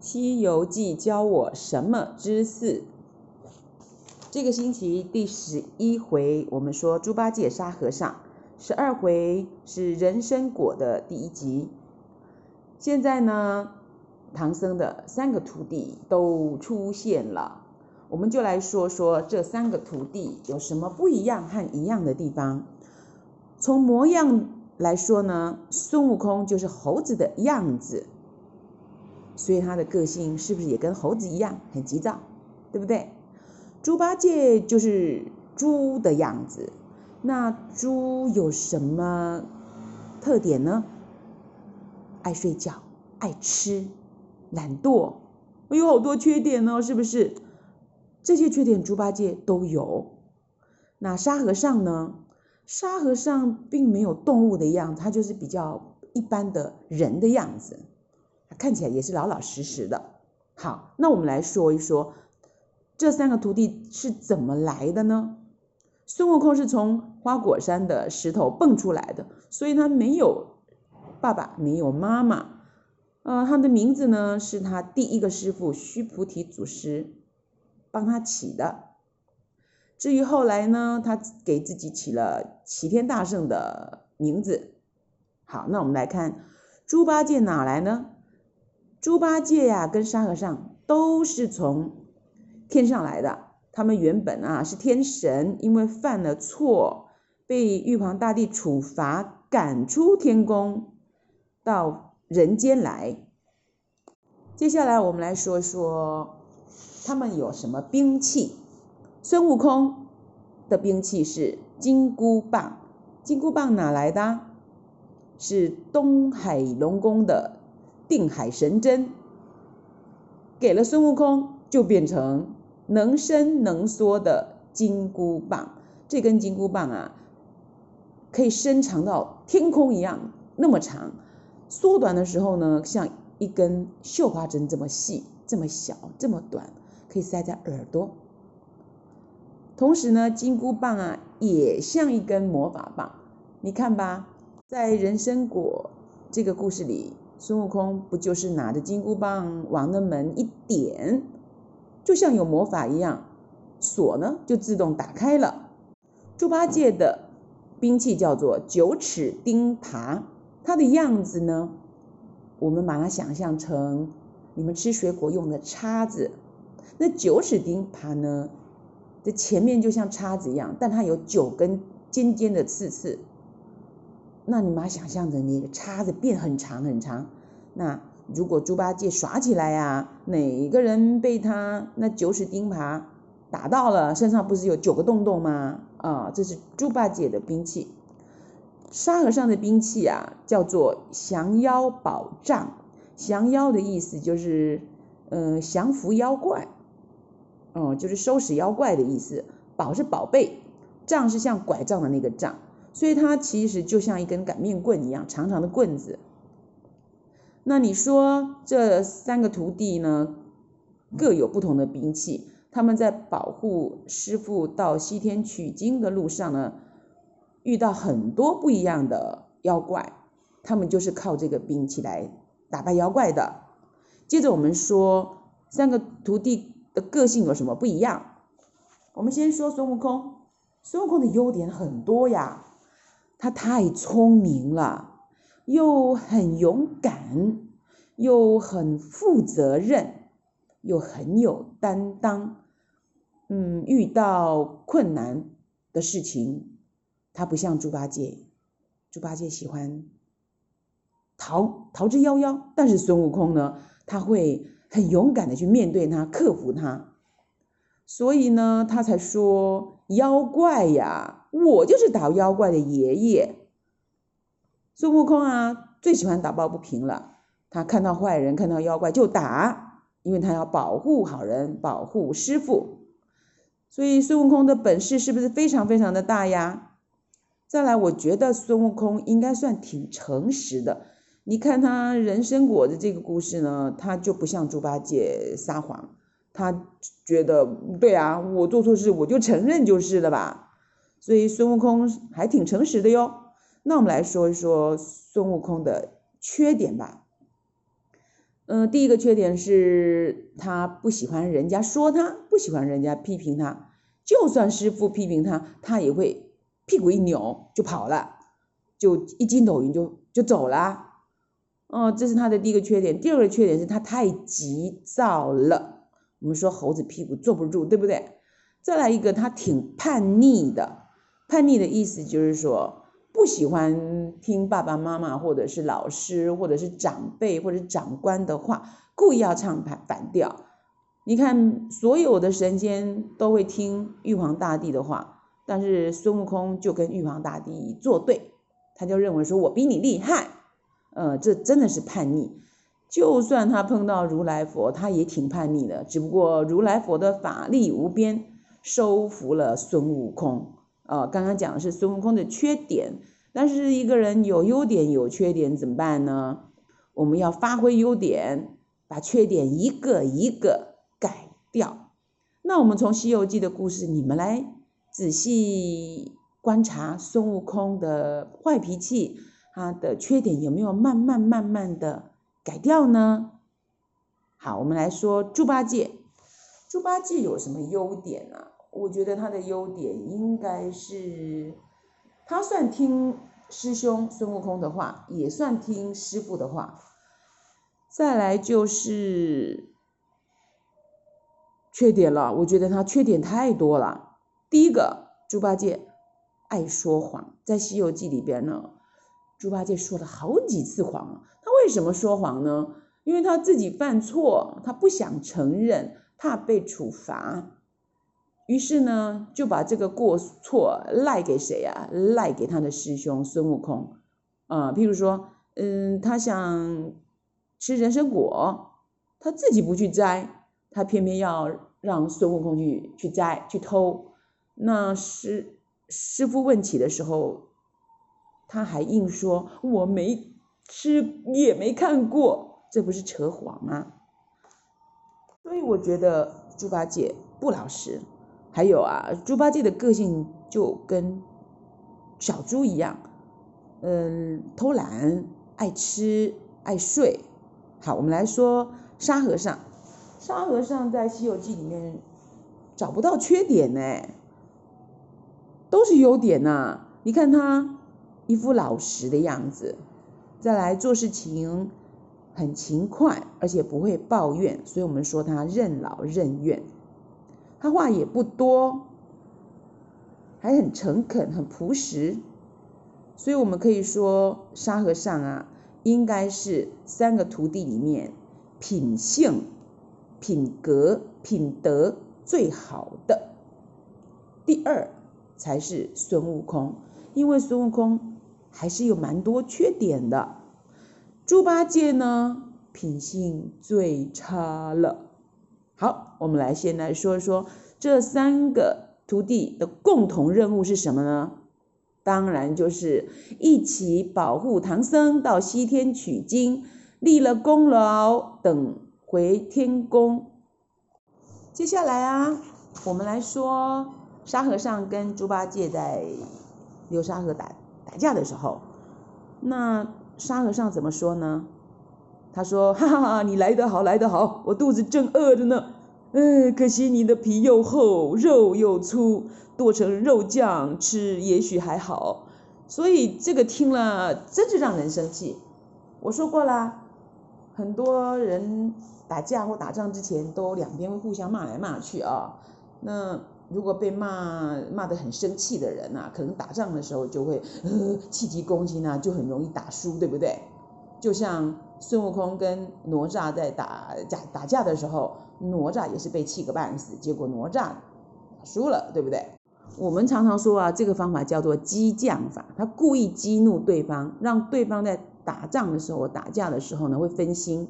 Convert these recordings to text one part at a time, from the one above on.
《西遊記》教我什麼知識？這個星期第十一回，我們說豬八戒沙和尚；十二回是人參果的第一集。現在呢，唐僧的三個徒弟都出現了，我們就來說說這三個徒弟有什麼不一樣和一樣的地方。從模樣來說呢，孫悟空就是猴子的樣子。所以他的個性是不是也跟猴子一樣很急躁，對不對？豬八戒就是豬的樣子，那豬有什麼特點呢？愛睡覺，愛吃，懶惰，有好多缺點哦。是不是？這些缺點豬八戒都有。那沙和尚呢？沙和尚並沒有動物的樣子，他就是比較一般的人的樣子。看起來也是老老實實的。好，那我們來說一說這三個徒弟是怎麼來的呢？孫悟空是從花果山的石頭蹦出來的，所以他沒有爸爸，沒有媽媽。呃，他的名字呢是他第一個師傅須菩提祖師幫他起的。至於後來呢，他給自己起了齊天大聖的名字。好，那我們來看豬八戒哪來呢？豬八戒呀、啊，跟沙和尚都是從天上來的。他們原本啊是天神，因為犯了錯，被玉皇大帝處罰，趕出天宮，到人間來。接下來我們來說說他們有什麼兵器。孫悟空的兵器是金箍棒。金箍棒哪來的？是東海龍宮的。定海神針給了孫悟空，就變成能伸能縮的金箍棒。這根金箍棒啊，可以伸長到天空一樣那麼長，縮短的時候呢，像一根繡花針這麼細、這麼小、這麼短，可以塞在耳朵。同時呢，金箍棒啊也像一根魔法棒。你看吧，在人參果這個故事裡。孫悟空不就是拿着金箍棒往那門一點，就像有魔法一樣，鎖呢就自動打開了。豬八戒的兵器叫做九齒釘耙，它的樣子呢，我們把它想象成你們吃水果用的叉子。那九齒釘耙呢，這前面就像叉子一樣，但它有九根尖尖的刺刺。那你媽想象着那個叉子變很長很長，那如果豬八戒耍起來呀、啊，哪個人被他那九齒釘耙打到了身上，不是有九個洞洞嗎？啊，這是豬八戒的兵器。沙和尚的兵器啊，叫做降妖寶杖。降妖的意思就是，嗯，降服妖怪，哦，就是收拾妖怪的意思。寶是寶貝，杖是像拐杖的那個杖。所以它其實就像一根擀麵棍一樣，長長的棍子。那你說這三個徒弟呢，各有不同的兵器，他們在保護師傅到西天取經的路上呢，遇到很多不一樣的妖怪，他們就是靠這個兵器來打敗妖怪的。接着我們說三個徒弟的個性有什麼不一樣？我們先說孫悟空，孫悟空的優點很多呀。他太聰明了，又很勇敢，又很負責任，又很有擔當。嗯，遇到困難的事情，他不像豬八戒，豬八戒喜歡逃逃之夭夭，但是孫悟空呢，他會很勇敢的去面對它，克服它，所以呢，他才說妖怪呀。我就是打妖怪的爺爺，孫悟空啊，最喜歡打抱不平了。他看到壞人，看到妖怪就打，因為他要保護好人，保護師傅。所以孫悟空的本事是不是非常非常的大呀？再來，我覺得孫悟空應該算挺誠實的。你看他人參果的這個故事呢，他就不像豬八戒撒謊，他覺得對啊，我做錯事我就承認就是了吧。所以孫悟空還挺誠實的喲。那我們來說一說孫悟空的缺點吧。嗯、呃，第一個缺點是他不喜歡人家說他，不喜歡人家批評他。就算師傅批評他，他也會屁股一扭就跑了，就一筋斗雲就就走了。哦、呃，這是他的第一個缺點。第二個缺點是他太急躁了。我們說猴子屁股坐不住，對不對？再來一個，他挺叛逆的。叛逆的意思就是說，不喜歡聽爸爸媽媽或者是老師或者是長輩或者是長官的話，故意要唱反反調。你看，所有的神仙都會聽玉皇大帝的話，但是孫悟空就跟玉皇大帝作對，他就認為說我比你厲害，呃，這真的是叛逆。就算他碰到如來佛，他也挺叛逆的，只不過如來佛的法力無邊，收服了孫悟空。呃，剛剛講的是孫悟空的缺點，但是一個人有優點有缺點怎麼辦呢？我們要發揮優點，把缺點一個一個改掉。那我們從《西遊記》的故事，你們來仔細觀察孫悟空的壞脾氣，他的缺點有沒有慢慢慢慢的改掉呢？好，我們來說豬八戒，豬八戒有什麼優點呢、啊？我覺得他的優點應該是，他算聽師兄孫悟空的話，也算聽師父的話。再來就是缺點了，我覺得他缺點太多了。第一個，豬八戒愛說謊，在《西遊記》裡邊呢，豬八戒說了好幾次謊。他為什麼說謊呢？因為他自己犯錯，他不想承認，怕被處罰。於是呢，就把這個過錯賴給誰呀、啊？賴給他的師兄孫悟空啊、呃。譬如說，嗯，他想吃人參果，他自己不去摘，他偏偏要讓孫悟空去去摘去偷。那師師父問起的時候，他還硬說，我沒吃也沒看過，這不是扯謊嗎？所以我覺得豬八戒不老實。還有啊，豬八戒的個性就跟小豬一樣，嗯，偷懶、愛吃、愛睡。好，我們來說沙和尚。沙和尚在《西遊記》裡面找不到缺點呢、欸，都是優點吶、啊。你看他一副老實的樣子，再來做事情很勤快，而且不會抱怨，所以我們說他任勞任怨。他話也不多，還很誠懇、很樸實，所以我們可以說沙和尚啊，應該是三個徒弟裡面品性、品格、品德最好的。第二才是孫悟空，因為孫悟空還是有蠻多缺點的。豬八戒呢，品性最差了。好，我們來先來說說這三個徒弟的共同任務是什麼呢？當然就是一起保護唐僧到西天取經，立了功勞，等回天宮。接下來啊，我們來說沙和尚跟豬八戒在流沙河打打架的時候，那沙和尚怎麼說呢？他說：“哈哈哈，你來得好，來得好，我肚子正餓着呢。嗯、哎，可惜你的皮又厚，肉又粗，剁成肉醬吃也許還好。所以這個聽了真是讓人生氣。我說過了，很多人打架或打仗之前都兩邊會互相罵來罵去啊、哦。那如果被罵罵得很生氣的人吶、啊，可能打仗的時候就會、呃、氣急攻心啊，就很容易打輸，對不對？就像……”孫悟空跟哪吒在打，打架打架的時候，哪吒也是被氣個半死，結果哪吒輸了，對不對？我們常常說啊，這個方法叫做激將法，他故意激怒對方，讓對方在打仗的時候、打架的時候呢，會分心。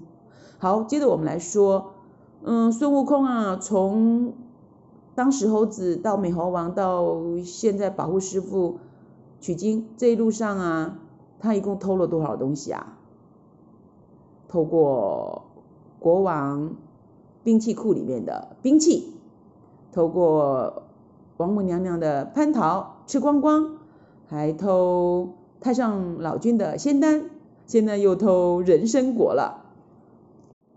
好，接着我們來說，嗯，孫悟空啊，從當時猴子到美猴王，到現在保護師傅取經這一路上啊，他一共偷了多少東西啊？偷過國王兵器庫裡面的兵器，偷過王母娘娘的蟠桃吃光光，還偷太上老君的仙丹，現在又偷人參果了。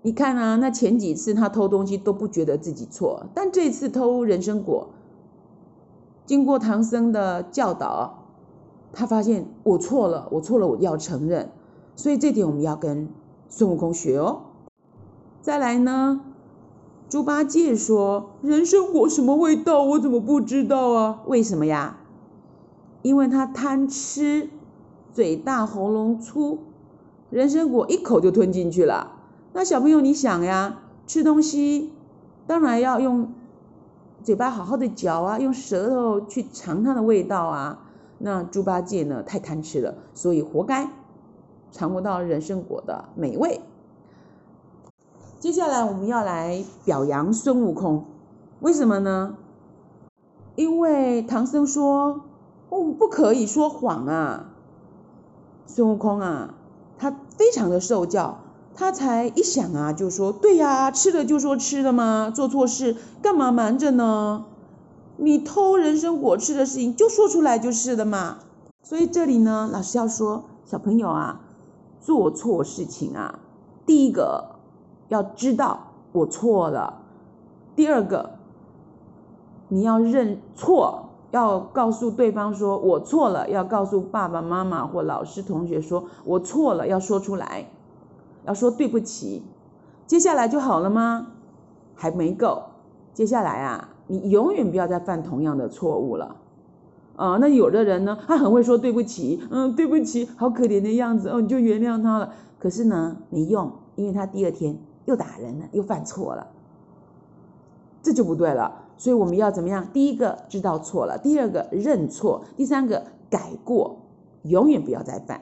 你看啊，那前幾次他偷東西都不覺得自己錯，但這次偷人參果，經過唐僧的教導，他發現我錯了，我錯了，我要承認。所以這點我們要跟。孫悟空學哦，再來呢。豬八戒說：“人參果什麼味道？我怎麼不知道啊？為什麼呀？因為他貪吃，嘴大喉嚨粗，人參果一口就吞進去了。那小朋友你想呀，吃東西當然要用嘴巴好好的嚼啊，用舌頭去嘗它的味道啊。那豬八戒呢，太貪吃了，所以活該。”嘗不到人參果的美味。接下來我們要來表揚孫悟空，為什麼呢？因為唐僧說，我們不可以說謊啊。孫悟空啊，他非常的受教，他才一想啊，就說，對呀、啊，吃的就說吃的嘛，做錯事幹嘛瞞着呢？你偷人參果吃的事情，就說出來就是的嘛。所以這裡呢，老師要說，小朋友啊。做錯事情啊，第一個要知道我錯了，第二個你要認錯，要告訴對方說我錯了，要告訴爸爸媽媽或老師同學說我錯了，要說出來，要說對不起，接下來就好了嗎？還沒夠，接下來啊，你永遠不要再犯同樣的錯誤了。啊、哦，那有的人呢，他很會說對不起，嗯，對不起，好可憐的樣子，哦，你就原諒他了。可是呢，沒用，因為他第二天又打人了，又犯錯了，這就不對了。所以我們要怎麼樣？第一個知道錯了，第二個認錯，第三個改過，永遠不要再犯。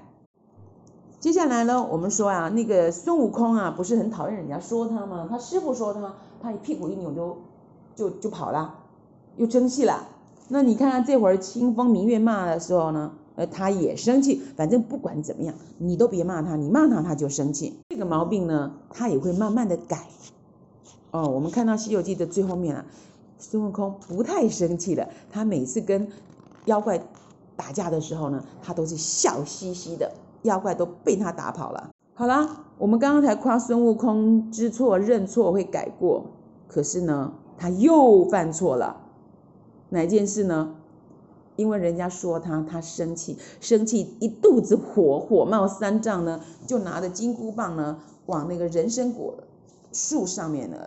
接下來呢，我們說啊，那個孫悟空啊，不是很討厭人家說他嗎？他師父說他，他一屁股一扭就就就跑了，又生氣了。那你看看這會兒清風明月罵的時候呢，呃，他也生氣。反正不管怎麼樣，你都別罵他，你罵他，他就生氣。這個毛病呢，他也會慢慢的改。哦，我們看到《西遊記》的最後面啊，孫悟空不太生氣了。他每次跟妖怪打架的時候呢，他都是笑嘻嘻的，妖怪都被他打跑了。好啦，我們剛剛才誇孫悟空知錯、認錯、會改過，可是呢，他又犯錯了。哪件事呢？因為人家說他，他生氣，生氣一肚子火，火冒三丈呢，就拿着金箍棒呢，往那個人參果樹上面呢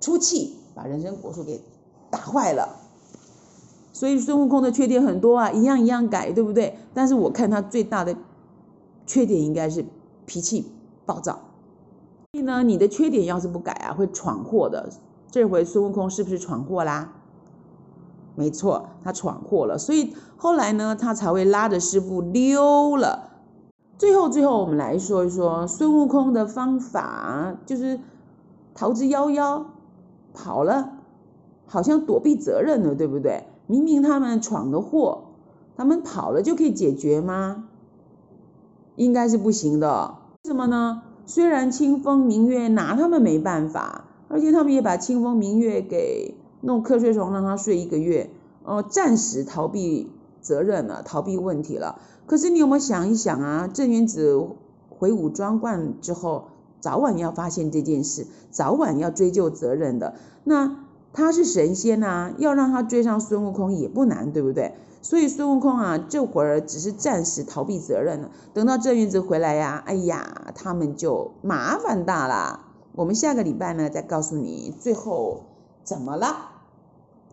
出氣，把人參果樹給打壞了。所以孫悟空的缺點很多啊，一樣一樣改，對不對？但是我看他最大的缺點應該是脾氣暴躁。所以呢，你的缺點要是不改啊，會闖禍的。這回孫悟空是不是闖禍啦？沒錯，他闖禍了，所以後來呢，他才會拉着師傅溜了。最後，最後我們來說一說孫悟空的方法，就是逃之夭夭，跑了，好像躲避責任了，對不對？明明他們闖的禍，他們跑了就可以解決嗎？應該是不行的。為什麼呢？雖然清風明月拿他們沒辦法，而且他們也把清風明月給。弄瞌睡蟲，讓他睡一個月，哦、呃，暫時逃避責任了，逃避問題了。可是你有沒有想一想啊？鎮元子回五莊觀之後，早晚要發現這件事，早晚要追究責任的。那他是神仙吶、啊，要讓他追上孫悟空也不難，對不對？所以孫悟空啊，這會兒只是暫時逃避責任了。等到鎮元子回來呀、啊，哎呀，他們就麻煩大了。我們下個禮拜呢，再告訴你最後怎麼了。